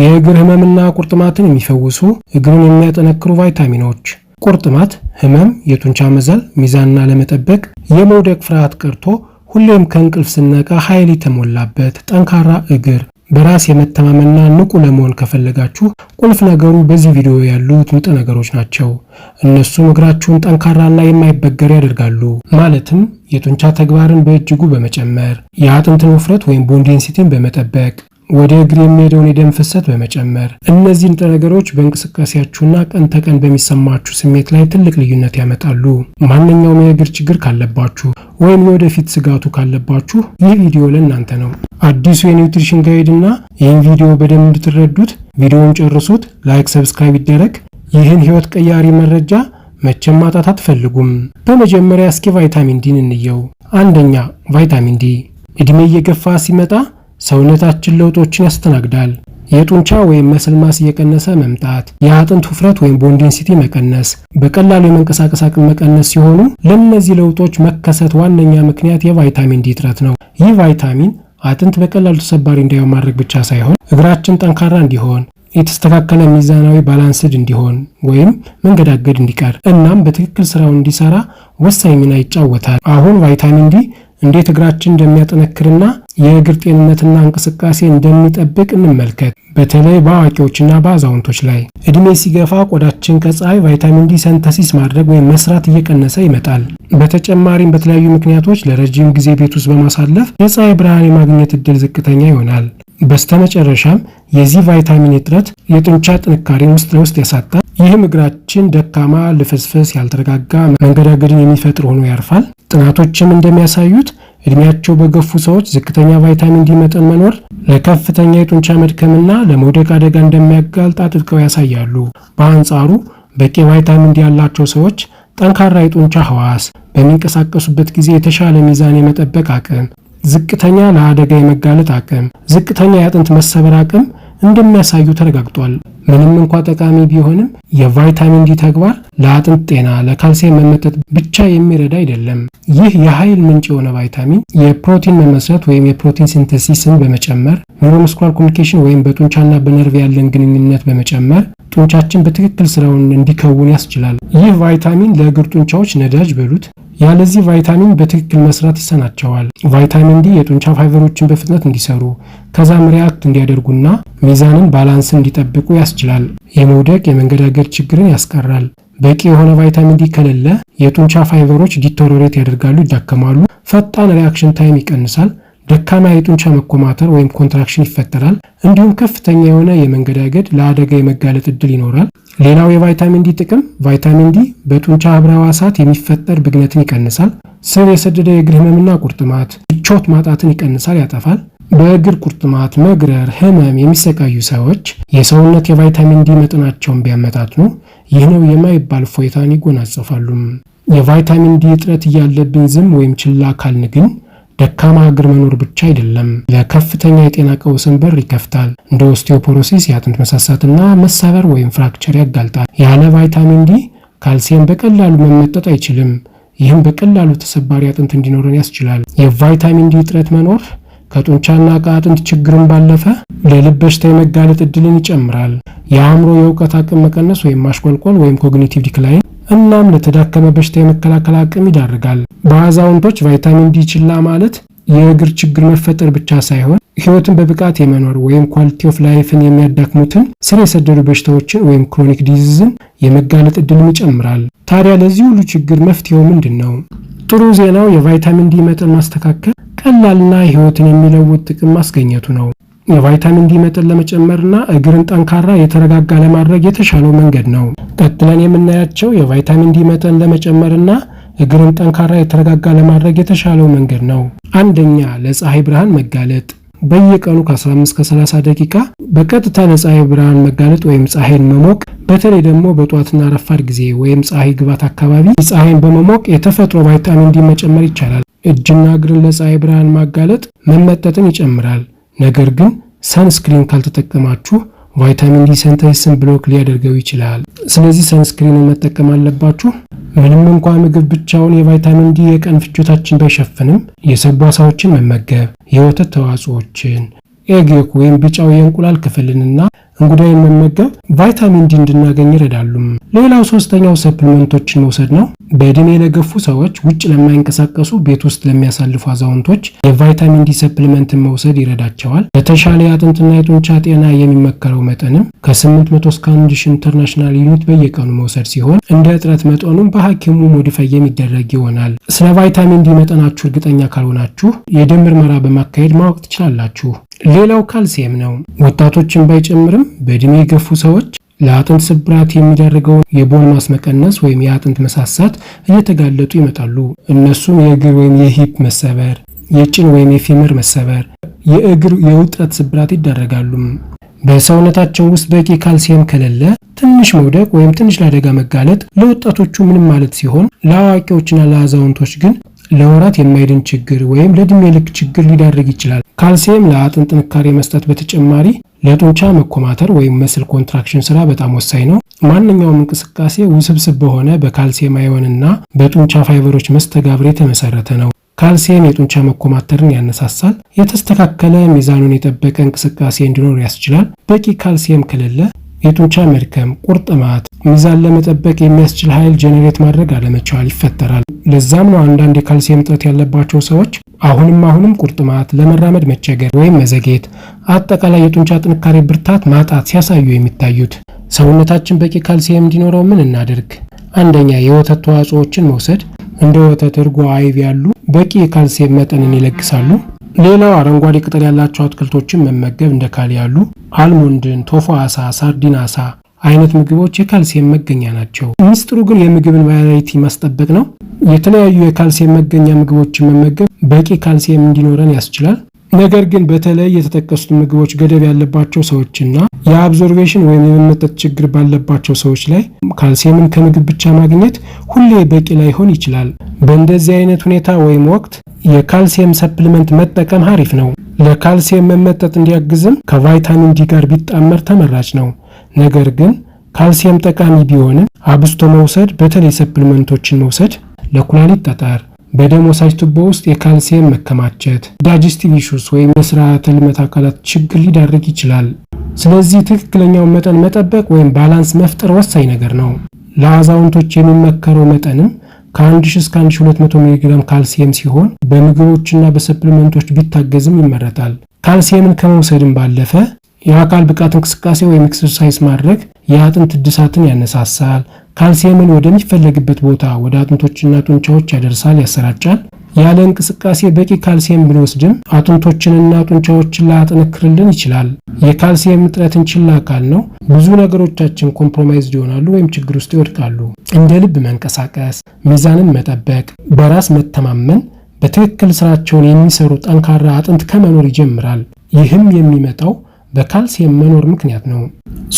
የእግር ህመምና ቁርጥማትን የሚፈውሱ እግሩን የሚያጠነክሩ ቫይታሚኖች። ቁርጥማት፣ ህመም፣ የጡንቻ መዛል፣ ሚዛንና ለመጠበቅ የመውደቅ ፍርሃት ቀርቶ ሁሌም ከእንቅልፍ ስነቃ ኃይል የተሞላበት ጠንካራ እግር በራስ የመተማመንና ንቁ ለመሆን ከፈለጋችሁ ቁልፍ ነገሩ በዚህ ቪዲዮ ያሉት ንጥረ ነገሮች ናቸው። እነሱም እግራችሁን ጠንካራና የማይበገር ያደርጋሉ። ማለትም የጡንቻ ተግባርን በእጅጉ በመጨመር የአጥንትን ውፍረት ወይም ቦንዴንሲቲን በመጠበቅ ወደ እግር የሚሄደውን የደም ፍሰት በመጨመር እነዚህ ንጥረ ነገሮች በእንቅስቃሴያችሁና ቀን ተቀን በሚሰማችሁ ስሜት ላይ ትልቅ ልዩነት ያመጣሉ። ማንኛውም የእግር ችግር ካለባችሁ ወይም የወደፊት ስጋቱ ካለባችሁ ይህ ቪዲዮ ለእናንተ ነው። አዲሱ የኒውትሪሽን ጋይድ እና ይህን ቪዲዮ በደንብ እንድትረዱት ቪዲዮውን ጨርሱት። ላይክ፣ ሰብስክራይብ ይደረግ። ይህን ህይወት ቀያሪ መረጃ መቼም ማጣት አትፈልጉም። በመጀመሪያ እስኪ ቫይታሚን ዲን እንየው። አንደኛ ቫይታሚን ዲ እድሜ እየገፋ ሲመጣ ሰውነታችን ለውጦችን ያስተናግዳል። የጡንቻ ወይም መስልማስ እየቀነሰ መምጣት፣ የአጥንት ውፍረት ወይም ቦንዲንሲቲ መቀነስ፣ በቀላሉ የመንቀሳቀስ አቅም መቀነስ ሲሆኑ ለእነዚህ ለውጦች መከሰት ዋነኛ ምክንያት የቫይታሚን ዲ እጥረት ነው። ይህ ቫይታሚን አጥንት በቀላሉ ተሰባሪ እንዳይሆን ማድረግ ብቻ ሳይሆን እግራችን ጠንካራ እንዲሆን የተስተካከለ ሚዛናዊ ባላንስድ እንዲሆን ወይም መንገዳገድ እንዲቀር እናም በትክክል ስራውን እንዲሰራ ወሳኝ ሚና ይጫወታል። አሁን ቫይታሚን ዲ እንዴት እግራችን እንደሚያጠነክርና የእግር ጤንነትና እንቅስቃሴ እንደሚጠብቅ እንመልከት። በተለይ በአዋቂዎችና በአዛውንቶች ላይ እድሜ ሲገፋ ቆዳችን ከፀሐይ ቫይታሚን ዲ ሰንተሲስ ማድረግ ወይም መስራት እየቀነሰ ይመጣል። በተጨማሪም በተለያዩ ምክንያቶች ለረጅም ጊዜ ቤት ውስጥ በማሳለፍ የፀሐይ ብርሃን የማግኘት እድል ዝቅተኛ ይሆናል። በስተመጨረሻም የዚህ ቫይታሚን እጥረት የጡንቻ ጥንካሬን ውስጥ ለውስጥ ያሳጣል። ይህም እግራችን ደካማ፣ ልፍስፍስ፣ ያልተረጋጋ መንገዳገድን የሚፈጥር ሆኖ ያርፋል። ጥናቶችም እንደሚያሳዩት እድሜያቸው በገፉ ሰዎች ዝቅተኛ ቫይታሚን ዲ መጠን መኖር ለከፍተኛ የጡንቻ መድከምና ለመውደቅ አደጋ እንደሚያጋልጥ አጥብቀው ያሳያሉ። በአንጻሩ በቂ ቫይታሚን ዲ ያላቸው ሰዎች ጠንካራ የጡንቻ ህዋስ፣ በሚንቀሳቀሱበት ጊዜ የተሻለ ሚዛን የመጠበቅ አቅም፣ ዝቅተኛ ለአደጋ የመጋለጥ አቅም፣ ዝቅተኛ የአጥንት መሰበር አቅም እንደሚያሳዩ ተረጋግጧል። ምንም እንኳ ጠቃሚ ቢሆንም የቫይታሚን ዲ ተግባር ለአጥንት ጤና፣ ለካልሲየም መመጠጥ ብቻ የሚረዳ አይደለም። ይህ የኃይል ምንጭ የሆነ ቫይታሚን የፕሮቲን መመስረት ወይም የፕሮቲን ሲንተሲስን በመጨመር ኒውሮሙስኩላር ኮሚኒኬሽን ወይም በጡንቻና በነርቭ ያለን ግንኙነት በመጨመር ጡንቻችን በትክክል ስራውን እንዲከውን ያስችላል። ይህ ቫይታሚን ለእግር ጡንቻዎች ነዳጅ በሉት፣ ያለዚህ ቫይታሚን በትክክል መስራት ይሰናቸዋል። ቫይታሚን ዲ የጡንቻ ፋይበሮችን በፍጥነት እንዲሰሩ ከዛም ሪያክት እንዲያደርጉና ሚዛንን ባላንስ እንዲጠብቁ ያስችላል። የመውደቅ የመንገዳገድ ችግርን ያስቀራል። በቂ የሆነ ቫይታሚን ዲ ከሌለ የጡንቻ ፋይበሮች ዲቶሮሬት ያደርጋሉ፣ ይዳከማሉ። ፈጣን ሪያክሽን ታይም ይቀንሳል። ደካማ የጡንቻ መኮማተር ወይም ኮንትራክሽን ይፈጠራል። እንዲሁም ከፍተኛ የሆነ የመንገዳገድ ለአደጋ የመጋለጥ እድል ይኖራል። ሌላው የቫይታሚን ዲ ጥቅም ቫይታሚን ዲ በጡንቻ ህብረ ህዋሳት የሚፈጠር ብግነትን ይቀንሳል። ስር የሰደደ የእግር ህመምና ቁርጥማት፣ ምቾት ማጣትን ይቀንሳል፣ ያጠፋል። በእግር ቁርጥማት፣ መግረር፣ ህመም የሚሰቃዩ ሰዎች የሰውነት የቫይታሚን ዲ መጠናቸውን ቢያመጣጥኑ ይህ ነው የማይባል ፎይታን ይጎናጸፋሉ። የቫይታሚን ዲ እጥረት እያለብን ዝም ወይም ችላ ካልን ግን ደካማ እግር መኖር ብቻ አይደለም፣ ለከፍተኛ የጤና ቀውስን በር ይከፍታል። እንደ ኦስቲዮፖሮሲስ የአጥንት መሳሳትና መሳበር ወይም ፍራክቸር ያጋልጣል። ያለ ቫይታሚን ዲ ካልሲየም በቀላሉ መመጠጥ አይችልም። ይህም በቀላሉ ተሰባሪ አጥንት እንዲኖረን ያስችላል። የቫይታሚን ዲ እጥረት መኖር ከጡንቻና ከአጥንት ችግርን ባለፈ ለልብ በሽታ የመጋለጥ እድልን ይጨምራል። የአእምሮ የእውቀት አቅም መቀነስ ወይም ማሽቆልቆል ወይም ኮግኒቲቭ ዲክላይን እናም ለተዳከመ በሽታ የመከላከል አቅም ይዳርጋል። በአዛውንቶች ቫይታሚን ዲ ችላ ማለት የእግር ችግር መፈጠር ብቻ ሳይሆን ህይወትን በብቃት የመኖር ወይም ኳሊቲ ኦፍ ላይፍን የሚያዳክሙትን ስር የሰደዱ በሽታዎችን ወይም ክሮኒክ ዲዚዝን የመጋለጥ እድልም ይጨምራል። ታዲያ ለዚህ ሁሉ ችግር መፍትሄው ምንድን ነው? ጥሩ ዜናው የቫይታሚን ዲ መጠን ማስተካከል ቀላልና ህይወትን የሚለውጥ ጥቅም ማስገኘቱ ነው። የቫይታሚን ዲ መጠን ለመጨመርና እግርን ጠንካራ የተረጋጋ ለማድረግ የተሻለው መንገድ ነው። ቀጥለን የምናያቸው የቫይታሚን ዲ መጠን ለመጨመርና እግርን ጠንካራ የተረጋጋ ለማድረግ የተሻለው መንገድ ነው። አንደኛ ለፀሐይ ብርሃን መጋለጥ በየቀኑ ከ15-30 ደቂቃ በቀጥታ ለፀሐይ ብርሃን መጋለጥ ወይም ፀሐይን መሞቅ፣ በተለይ ደግሞ በጠዋትና ረፋድ ጊዜ ወይም ፀሐይ ግባት አካባቢ ፀሐይን በመሞቅ የተፈጥሮ ቫይታሚን ዲ መጨመር ይቻላል። እጅና እግርን ለፀሐይ ብርሃን ማጋለጥ መመጠጥን ይጨምራል። ነገር ግን ሰንስክሪን ካልተጠቀማችሁ ቫይታሚን ዲ ሰንተስን ብሎክ ሊያደርገው ይችላል። ስለዚህ ሰንስክሪን መጠቀም አለባችሁ። ምንም እንኳ ምግብ ብቻውን የቫይታሚን ዲ የቀን ፍጆታችን ባይሸፍንም የሰቡ መመገብ፣ የወተት ተዋጽኦችን፣ ኤግ ወይም ቢጫው የእንቁላል ክፍልንና እንጉዳይን መመገብ ቫይታሚን ዲ እንድናገኝ ይረዳሉ። ሌላው ሶስተኛው ሰፕልመንቶችን መውሰድ ነው። በእድሜ ለገፉ ሰዎች፣ ውጭ ለማይንቀሳቀሱ ቤት ውስጥ ለሚያሳልፉ አዛውንቶች የቫይታሚን ዲ ሰፕልመንትን መውሰድ ይረዳቸዋል። በተሻለ የአጥንትና የጡንቻ ጤና የሚመከረው መጠንም ከ800 እስከ 1000 ኢንተርናሽናል ዩኒት በየቀኑ መውሰድ ሲሆን እንደ እጥረት መጠኑም በሐኪሙ ሞዲፋይ የሚደረግ ይሆናል። ስለ ቫይታሚን ዲ መጠናችሁ እርግጠኛ ካልሆናችሁ የደም ምርመራ በማካሄድ ማወቅ ትችላላችሁ። ሌላው ካልሲየም ነው። ወጣቶችን ባይጨምርም በእድሜ የገፉ ሰዎች ለአጥንት ስብራት የሚደረገው የቦን ማስ መቀነስ ወይም የአጥንት መሳሳት እየተጋለጡ ይመጣሉ። እነሱም የእግር ወይም የሂፕ መሰበር፣ የጭን ወይም የፊምር መሰበር፣ የእግር የውጥረት ስብራት ይዳረጋሉ። በሰውነታቸው ውስጥ በቂ ካልሲየም ከሌለ ትንሽ መውደቅ ወይም ትንሽ ለአደጋ መጋለጥ ለወጣቶቹ ምንም ማለት ሲሆን ለአዋቂዎችና ለአዛውንቶች ግን ለወራት የማይድን ችግር ወይም ለዕድሜ ልክ ችግር ሊዳርግ ይችላል። ካልሲየም ለአጥንት ጥንካሬ መስጠት በተጨማሪ ለጡንቻ መኮማተር ወይም መስል ኮንትራክሽን ስራ በጣም ወሳኝ ነው። ማንኛውም እንቅስቃሴ ውስብስብ በሆነ በካልሲየም አዮንና በጡንቻ ፋይበሮች መስተጋብር የተመሰረተ ነው። ካልሲየም የጡንቻ መኮማተርን ያነሳሳል። የተስተካከለ ሚዛኑን የጠበቀ እንቅስቃሴ እንዲኖር ያስችላል። በቂ ካልሲየም ከሌለ የጡንቻ መድከም፣ ቁርጥማት፣ ሚዛን ለመጠበቅ የሚያስችል ኃይል ጄኔሬት ማድረግ አለመቻል ይፈጠራል። ለዛም ነው አንዳንድ የካልሲየም እጥረት ያለባቸው ሰዎች አሁንም አሁንም ቁርጥማት፣ ለመራመድ መቸገር ወይም መዘግየት፣ አጠቃላይ የጡንቻ ጥንካሬ ብርታት ማጣት ሲያሳዩ የሚታዩት። ሰውነታችን በቂ ካልሲየም እንዲኖረው ምን እናደርግ? አንደኛ የወተት ተዋጽኦዎችን መውሰድ እንደ ወተት፣ እርጎ፣ አይብ ያሉ በቂ የካልሲየም መጠንን ይለግሳሉ። ሌላው አረንጓዴ ቅጠል ያላቸው አትክልቶችን መመገብ እንደ ካል ያሉ አልሞንድን፣ ቶፎ አሳ፣ ሳርዲን አሳ አይነት ምግቦች የካልሲየም መገኛ ናቸው። ሚስጥሩ ግን የምግብን ቫራይቲ ማስጠበቅ ነው። የተለያዩ የካልሲየም መገኛ ምግቦችን መመገብ በቂ ካልሲየም እንዲኖረን ያስችላል። ነገር ግን በተለይ የተጠቀሱት ምግቦች ገደብ ያለባቸው ሰዎችና የአብዞርቬሽን ወይም የመመጠጥ ችግር ባለባቸው ሰዎች ላይ ካልሲየምን ከምግብ ብቻ ማግኘት ሁሌ በቂ ላይሆን ይችላል። በእንደዚህ አይነት ሁኔታ ወይም ወቅት የካልሲየም ሰፕልመንት መጠቀም አሪፍ ነው። ለካልሲየም መመጠጥ እንዲያግዝም ከቫይታሚን ዲ ጋር ቢጣመር ተመራጭ ነው። ነገር ግን ካልሲየም ጠቃሚ ቢሆንም አብስቶ መውሰድ፣ በተለይ ሰፕሊመንቶችን መውሰድ ለኩላሊት ጠጠር በደም ወሳጅ ቱቦ ውስጥ የካልሲየም መከማቸት ዳይጀስቲቭ ኢሹስ ወይም የስርዓተ ልመት አካላት ችግር ሊዳርግ ይችላል። ስለዚህ ትክክለኛውን መጠን መጠበቅ ወይም ባላንስ መፍጠር ወሳኝ ነገር ነው። ለአዛውንቶች የሚመከረው መጠንም ከ1000 እስከ 1200 ሚሊግራም ካልሲየም ሲሆን በምግቦችና በሰፕሊመንቶች ቢታገዝም ይመረጣል። ካልሲየምን ከመውሰድም ባለፈ የአካል ብቃት እንቅስቃሴ ወይም ኤክሰርሳይዝ ማድረግ የአጥንት እድሳትን ያነሳሳል፣ ካልሲየምን ወደሚፈለግበት ቦታ ወደ አጥንቶችና ጡንቻዎች ያደርሳል፣ ያሰራጫል። ያለ እንቅስቃሴ በቂ ካልሲየም ብንወስድም አጥንቶችንና ጡንቻዎችን ላያጠነክርልን ይችላል። የካልሲየም እጥረትን ችላ ነው። ብዙ ነገሮቻችን ኮምፕሮማይዝ ይሆናሉ ወይም ችግር ውስጥ ይወድቃሉ። እንደ ልብ መንቀሳቀስ፣ ሚዛንን መጠበቅ፣ በራስ መተማመን፣ በትክክል ስራቸውን የሚሰሩ ጠንካራ አጥንት ከመኖር ይጀምራል። ይህም የሚመጣው በካልሲየም መኖር ምክንያት ነው።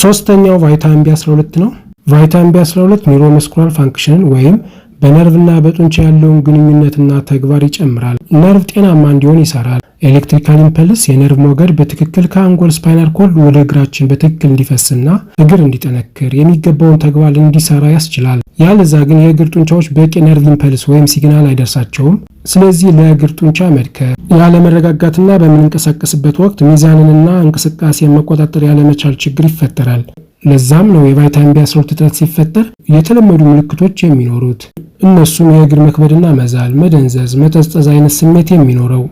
ሶስተኛው ቫይታሚን ቢ12 ነው። ቫይታሚን ቢ12 ኒውሮመስኩላር ፋንክሽን ወይም በነርቭና በጡንቻ ያለውን ግንኙነትና ተግባር ይጨምራል። ነርቭ ጤናማ እንዲሆን ይሰራል። ኤሌክትሪካል ኢምፐልስ የነርቭ ሞገድ በትክክል ከአንጎል ስፓይናል ኮርድ ወደ እግራችን በትክክል እንዲፈስና እግር እንዲጠነክር የሚገባውን ተግባር እንዲሰራ ያስችላል። ያለዛ ግን የእግር ጡንቻዎች በቂ ነርቭ ኢምፐልስ ወይም ሲግናል አይደርሳቸውም። ስለዚህ ለእግር ጡንቻ መድከር፣ ያለመረጋጋትና በምንንቀሳቀስበት ወቅት ሚዛንንና እንቅስቃሴ መቆጣጠር ያለመቻል ችግር ይፈጠራል። ለዛም ነው የቫይታሚን ቢ12 እጥረት ሲፈጠር የተለመዱ ምልክቶች የሚኖሩት። እነሱም የእግር መክበድና መዛል፣ መደንዘዝ፣ መጠዝጠዝ አይነት ስሜት የሚኖረው።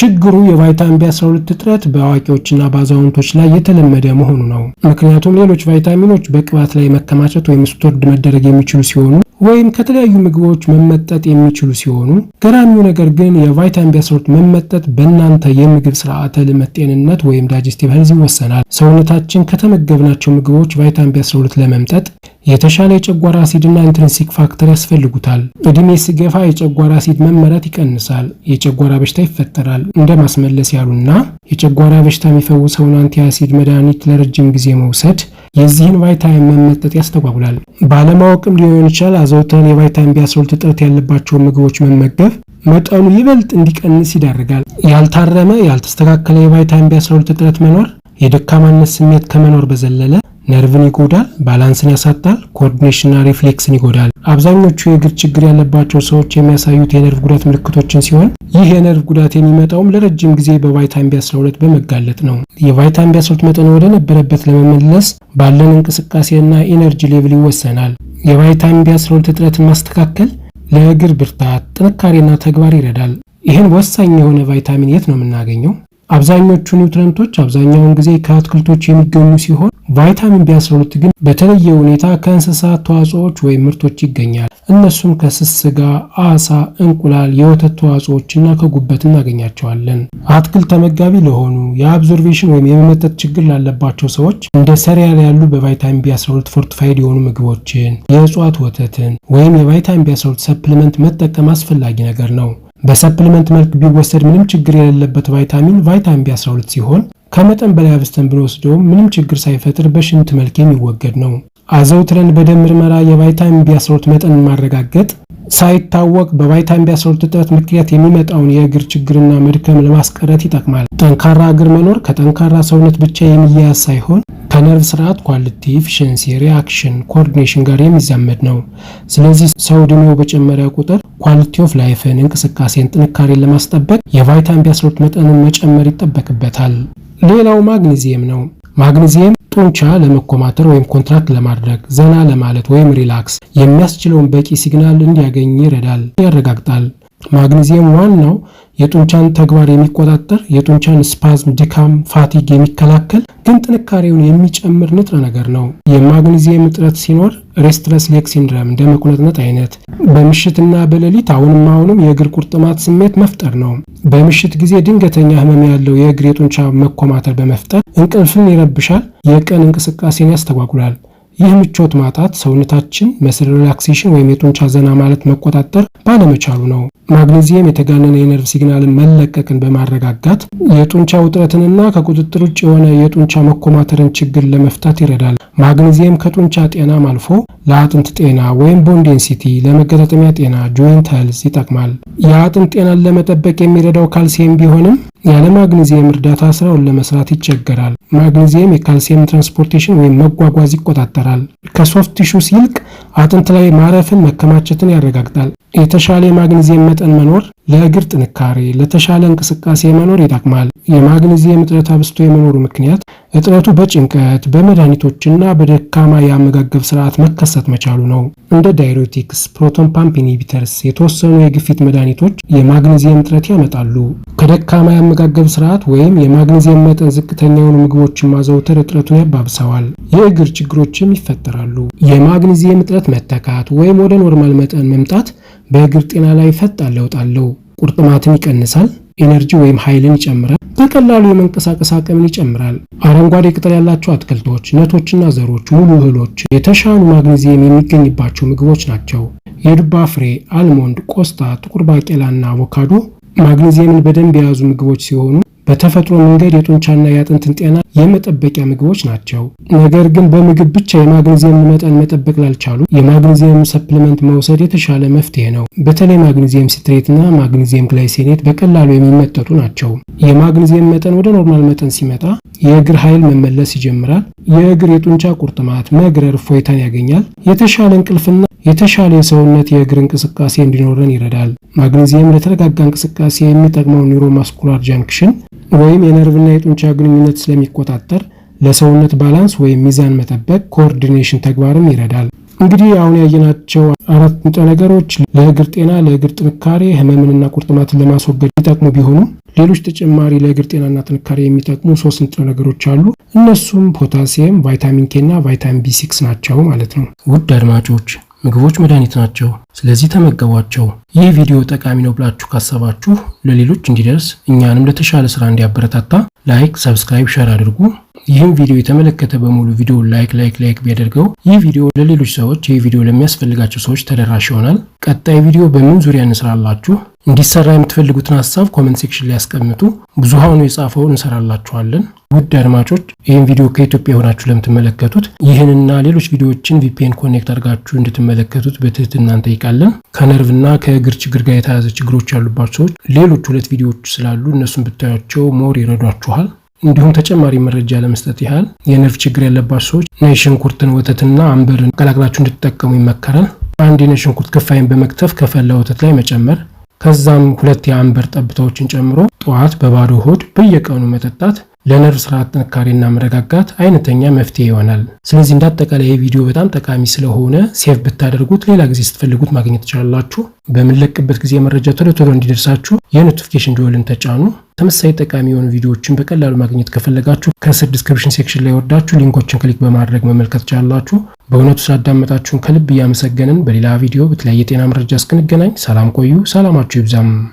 ችግሩ የቫይታሚን ቢ12 እጥረት በአዋቂዎችና በአዛውንቶች ላይ የተለመደ መሆኑ ነው። ምክንያቱም ሌሎች ቫይታሚኖች በቅባት ላይ መከማቸት ወይም ስቶርድ መደረግ የሚችሉ ሲሆኑ ወይም ከተለያዩ ምግቦች መመጠጥ የሚችሉ ሲሆኑ ገራሚው ነገር ግን የቫይታሚን ቢ12 መመጠጥ በእናንተ የምግብ ስርዓተ ልመት ጤንነት ወይም ዳይጀስቲቭ ሄልዝ ይወሰናል። ሰውነታችን ከተመገብናቸው ምግቦች ቫይታሚን ቢ12 ለመምጠጥ የተሻለ የጨጓራ አሲድና ኢንትሪንሲክ ፋክተር ያስፈልጉታል። እድሜ ሲገፋ የጨጓራ አሲድ መመረት ይቀንሳል፣ የጨጓራ በሽታ ይፈጠራል። እንደ ማስመለስ ያሉና የጨጓራ በሽታ የሚፈውሰውን አንቲ አሲድ መድኃኒት ለረጅም ጊዜ መውሰድ የዚህን ቫይታሚን መመጠጥ ያስተጓጉላል። ባለማወቅም ሊሆን ይችላል አዘውተን የቫይታሚን ቢያስወልት እጥረት ያለባቸውን ምግቦች መመገብ መጠኑ ይበልጥ እንዲቀንስ ይዳርጋል። ያልታረመ ያልተስተካከለ የቫይታሚን ቢያስወልት እጥረት መኖር የደካማነት ስሜት ከመኖር በዘለለ ነርቭን ይጎዳል፣ ባላንስን ያሳጣል፣ ኮኦርዲኔሽንና ሪፍሌክስን ይጎዳል። አብዛኞቹ የእግር ችግር ያለባቸው ሰዎች የሚያሳዩት የነርቭ ጉዳት ምልክቶችን ሲሆን ይህ የነርቭ ጉዳት የሚመጣውም ለረጅም ጊዜ በቫይታሚን ቢ12 በመጋለጥ ነው። የቫይታሚን ቢ12 መጠን ወደ ነበረበት ለመመለስ ባለን እንቅስቃሴና ኢነርጂ ሌቭል ይወሰናል። የቫይታሚን ቢ12 እጥረትን ማስተካከል ለእግር ብርታት፣ ጥንካሬና ተግባር ይረዳል። ይህን ወሳኝ የሆነ ቫይታሚን የት ነው የምናገኘው? አብዛኞቹ ኒውትረንቶች አብዛኛውን ጊዜ ከአትክልቶች የሚገኙ ሲሆን ቫይታሚን ቢ12 ግን በተለየ ሁኔታ ከእንስሳት ተዋጽኦዎች ወይም ምርቶች ይገኛል። እነሱም ከስስ ስጋ፣ አሳ፣ እንቁላል፣ የወተት ተዋጽኦዎችና ከጉበት እናገኛቸዋለን። አትክልት ተመጋቢ ለሆኑ የአብዞርቬሽን ወይም የመመጠጥ ችግር ላለባቸው ሰዎች እንደ ሰሪያል ያሉ በቫይታሚን ቢ12 ፎርቲፋይድ የሆኑ ምግቦችን፣ የእጽዋት ወተትን ወይም የቫይታሚን ቢ12 ሰፕሊመንት መጠቀም አስፈላጊ ነገር ነው። በሰፕሊመንት መልክ ቢወሰድ ምንም ችግር የሌለበት ቫይታሚን ቫይታሚን ቢ12 ሲሆን ከመጠን በላይ አብዝተን ብንወስደውም ምንም ችግር ሳይፈጥር በሽንት መልክ የሚወገድ ነው። አዘውትረን በደም ምርመራ የቫይታሚን ቢ12 መጠን ማረጋገጥ ሳይታወቅ በቫይታሚን ቢ12 እጥረት ምክንያት የሚመጣውን የእግር ችግርና መድከም ለማስቀረት ይጠቅማል። ጠንካራ እግር መኖር ከጠንካራ ሰውነት ብቻ የሚያያዝ ሳይሆን ከነርቭ ስርዓት ኳሊቲ፣ ኢፊሽንሲ፣ ሪአክሽን፣ ኮኦርዲኔሽን ጋር የሚዛመድ ነው። ስለዚህ ሰው ዕድሜው በጨመሪያ ቁጥር ኳሊቲ ኦፍ ላይፍን፣ እንቅስቃሴን፣ ጥንካሬን ለማስጠበቅ የቫይታሚን ቢ12 መጠንን መጨመር ይጠበቅበታል። ሌላው ማግኒዚየም ነው። ማግኒዚየም ጡንቻ ለመኮማተር ወይም ኮንትራክት ለማድረግ ዘና ለማለት ወይም ሪላክስ የሚያስችለውን በቂ ሲግናል እንዲያገኝ ይረዳል ያረጋግጣል። ማግኔዚየም ዋናው የጡንቻን ተግባር የሚቆጣጠር የጡንቻን ስፓዝም፣ ድካም፣ ፋቲግ የሚከላከል ግን ጥንካሬውን የሚጨምር ንጥረ ነገር ነው። የማግኒዚየም እጥረት ሲኖር ሬስትለስ ሌግ ሲንድረም እንደ መቁነጥነጥ አይነት በምሽትና በሌሊት አሁንም አሁንም የእግር ቁርጥማት ስሜት መፍጠር ነው። በምሽት ጊዜ ድንገተኛ ህመም ያለው የእግር የጡንቻ መኮማተር በመፍጠር እንቅልፍን ይረብሻል፣ የቀን እንቅስቃሴን ያስተጓጉላል። ይህ ምቾት ማጣት ሰውነታችን መስል ሪላክሴሽን ወይም የጡንቻ ዘና ማለት መቆጣጠር ባለመቻሉ ነው። ማግኔዚየም የተጋነነ የነርቭ ሲግናልን መለቀቅን በማረጋጋት የጡንቻ ውጥረትንና ከቁጥጥር ውጭ የሆነ የጡንቻ መኮማተርን ችግር ለመፍታት ይረዳል። ማግኔዚየም ከጡንቻ ጤናም አልፎ ለአጥንት ጤና ወይም ቦን ዴንሲቲ፣ ለመገጣጠሚያ ጤና ጆይንት ሄልዝ ይጠቅማል። የአጥንት ጤናን ለመጠበቅ የሚረዳው ካልሲየም ቢሆንም ያለ ማግኔዚየም እርዳታ ስራውን ለመስራት ይቸገራል። ማግኔዚየም የካልሲየም ትራንስፖርቴሽን ወይም መጓጓዝ ይቆጣጠራል። ከሶፍት ቲሹስ ሲልቅ አጥንት ላይ ማረፍን መከማቸትን ያረጋግጣል። የተሻለ የማግኔዚየም መጠን መኖር ለእግር ጥንካሬ፣ ለተሻለ እንቅስቃሴ መኖር ይጠቅማል። የማግኔዚየም እጥረት አብስቶ የመኖሩ ምክንያት እጥረቱ በጭንቀት በመድኃኒቶችና በደካማ የአመጋገብ ስርዓት መከሰት መቻሉ ነው። እንደ ዳይሬቲክስ፣ ፕሮቶን ፓምፕ ኢንሂቢተርስ የተወሰኑ የግፊት መድኃኒቶች የማግኔዚየም እጥረት ያመጣሉ። ከደካማ የአመጋገብ ስርዓት ወይም የማግኔዚየም መጠን ዝቅተኛውን ምግቦችን ማዘውተር እጥረቱን ያባብሰዋል። የእግር ችግሮችም ይፈጠራሉ። የማግኔዚየም እጥረት መተካት ወይም ወደ ኖርማል መጠን መምጣት በእግር ጤና ላይ ፈጣን ለውጥ አለው። ቁርጥማትን ይቀንሳል። ኤነርጂ ወይም ኃይልን ይጨምራል። በቀላሉ የመንቀሳቀስ አቅምን ይጨምራል። አረንጓዴ ቅጠል ያላቸው አትክልቶች፣ ነቶችና ዘሮች፣ ሙሉ እህሎች የተሻሉ ማግኔዚየም የሚገኝባቸው ምግቦች ናቸው። የዱባ ፍሬ፣ አልሞንድ፣ ቆስታ፣ ጥቁር ባቄላ እና አቮካዶ ማግኔዚየምን በደንብ የያዙ ምግቦች ሲሆኑ በተፈጥሮ መንገድ የጡንቻና የአጥንትን ጤና የመጠበቂያ ምግቦች ናቸው። ነገር ግን በምግብ ብቻ የማግኔዚየም መጠን መጠበቅ ላልቻሉ የማግኔዚየም ሰፕሊመንት መውሰድ የተሻለ መፍትሄ ነው። በተለይ ማግኔዚየም ሲትሬትና ማግኔዚየም ግላይሴኔት በቀላሉ የሚመጠጡ ናቸው። የማግኔዚየም መጠን ወደ ኖርማል መጠን ሲመጣ የእግር ኃይል መመለስ ይጀምራል። የእግር የጡንቻ ቁርጥማት፣ መግረር እፎይታን ያገኛል። የተሻለ እንቅልፍና የተሻለ የሰውነት የእግር እንቅስቃሴ እንዲኖረን ይረዳል። ማግኔዚየም ለተረጋጋ እንቅስቃሴ የሚጠቅመው ኒውሮማስኩላር ጃንክሽን ወይም የነርቭና የጡንቻ ግንኙነት ስለሚቆጣጠር ለሰውነት ባላንስ ወይም ሚዛን መጠበቅ ኮኦርዲኔሽን ተግባርም ይረዳል። እንግዲህ አሁን ያየናቸው አራት ንጥረ ነገሮች ለእግር ጤና፣ ለእግር ጥንካሬ፣ ህመምንና ቁርጥማትን ለማስወገድ ሊጠቅሙ ቢሆኑም ሌሎች ተጨማሪ ለእግር ጤናና ጥንካሬ የሚጠቅሙ ሶስት ንጥረ ነገሮች አሉ። እነሱም ፖታሲየም፣ ቫይታሚን ኬ እና ቫይታሚን ቢ ሲክስ ናቸው ማለት ነው። ውድ አድማጮች ምግቦች መድኃኒት ናቸው፣ ስለዚህ ተመገቧቸው። ይህ ቪዲዮ ጠቃሚ ነው ብላችሁ ካሰባችሁ ለሌሎች እንዲደርስ እኛንም ለተሻለ ስራ እንዲያበረታታ ላይክ፣ ሰብስክራይብ፣ ሸር አድርጉ። ይህም ቪዲዮ የተመለከተ በሙሉ ቪዲዮ ላይክ ላይክ ላይክ ቢያደርገው ይህ ቪዲዮ ለሌሎች ሰዎች ይህ ቪዲዮ ለሚያስፈልጋቸው ሰዎች ተደራሽ ይሆናል። ቀጣይ ቪዲዮ በምን ዙሪያ እንስራላችሁ እንዲሰራ የምትፈልጉትን ሀሳብ ኮመንት ሴክሽን ላይ ያስቀምጡ። ብዙሃኑ የጻፈው እንሰራላችኋለን። ውድ አድማጮች ይህን ቪዲዮ ከኢትዮጵያ የሆናችሁ ለምትመለከቱት ይህንና ሌሎች ቪዲዮዎችን ቪፒኤን ኮኔክት አድርጋችሁ እንድትመለከቱት በትህትና እንጠይቃለን። ከነርቭና ከእግር ችግር ጋር የተያዘ ችግሮች ያሉባቸው ሰዎች ሌሎች ሁለት ቪዲዮዎች ስላሉ እነሱን ብታያቸው ሞር ይረዷችኋል። እንዲሁም ተጨማሪ መረጃ ለመስጠት ያህል የነርቭ ችግር ያለባቸው ሰዎች ነጭ ሽንኩርትን፣ ወተትና አንበርን ቀላቅላችሁ እንድትጠቀሙ ይመከራል። አንድ የነጭ ሽንኩርት ክፋይን በመክተፍ ከፈላ ወተት ላይ መጨመር ከዛም ሁለት የአንበር ጠብታዎችን ጨምሮ ጠዋት በባዶ ሆድ በየቀኑ መጠጣት ለነርቭ ስርዓት ጥንካሬና መረጋጋት አይነተኛ መፍትሄ ይሆናል። ስለዚህ እንደ አጠቃላይ ይህ ቪዲዮ በጣም ጠቃሚ ስለሆነ ሴቭ ብታደርጉት ሌላ ጊዜ ስትፈልጉት ማግኘት ትችላላችሁ። በምንለቅበት ጊዜ መረጃ ቶሎ ቶሎ እንዲደርሳችሁ የኖቲፊኬሽን ደወልን ተጫኑ። ተመሳሳይ ጠቃሚ የሆኑ ቪዲዮዎችን በቀላሉ ማግኘት ከፈለጋችሁ ከስር ዲስክሪፕሽን ሴክሽን ላይ ወርዳችሁ ሊንኮችን ክሊክ በማድረግ መመልከት ትችላላችሁ። በእውነቱ ስላዳመጣችሁን ከልብ እያመሰገንን በሌላ ቪዲዮ በተለያየ የጤና መረጃ እስክንገናኝ ሰላም ቆዩ። ሰላማችሁ ይብዛም።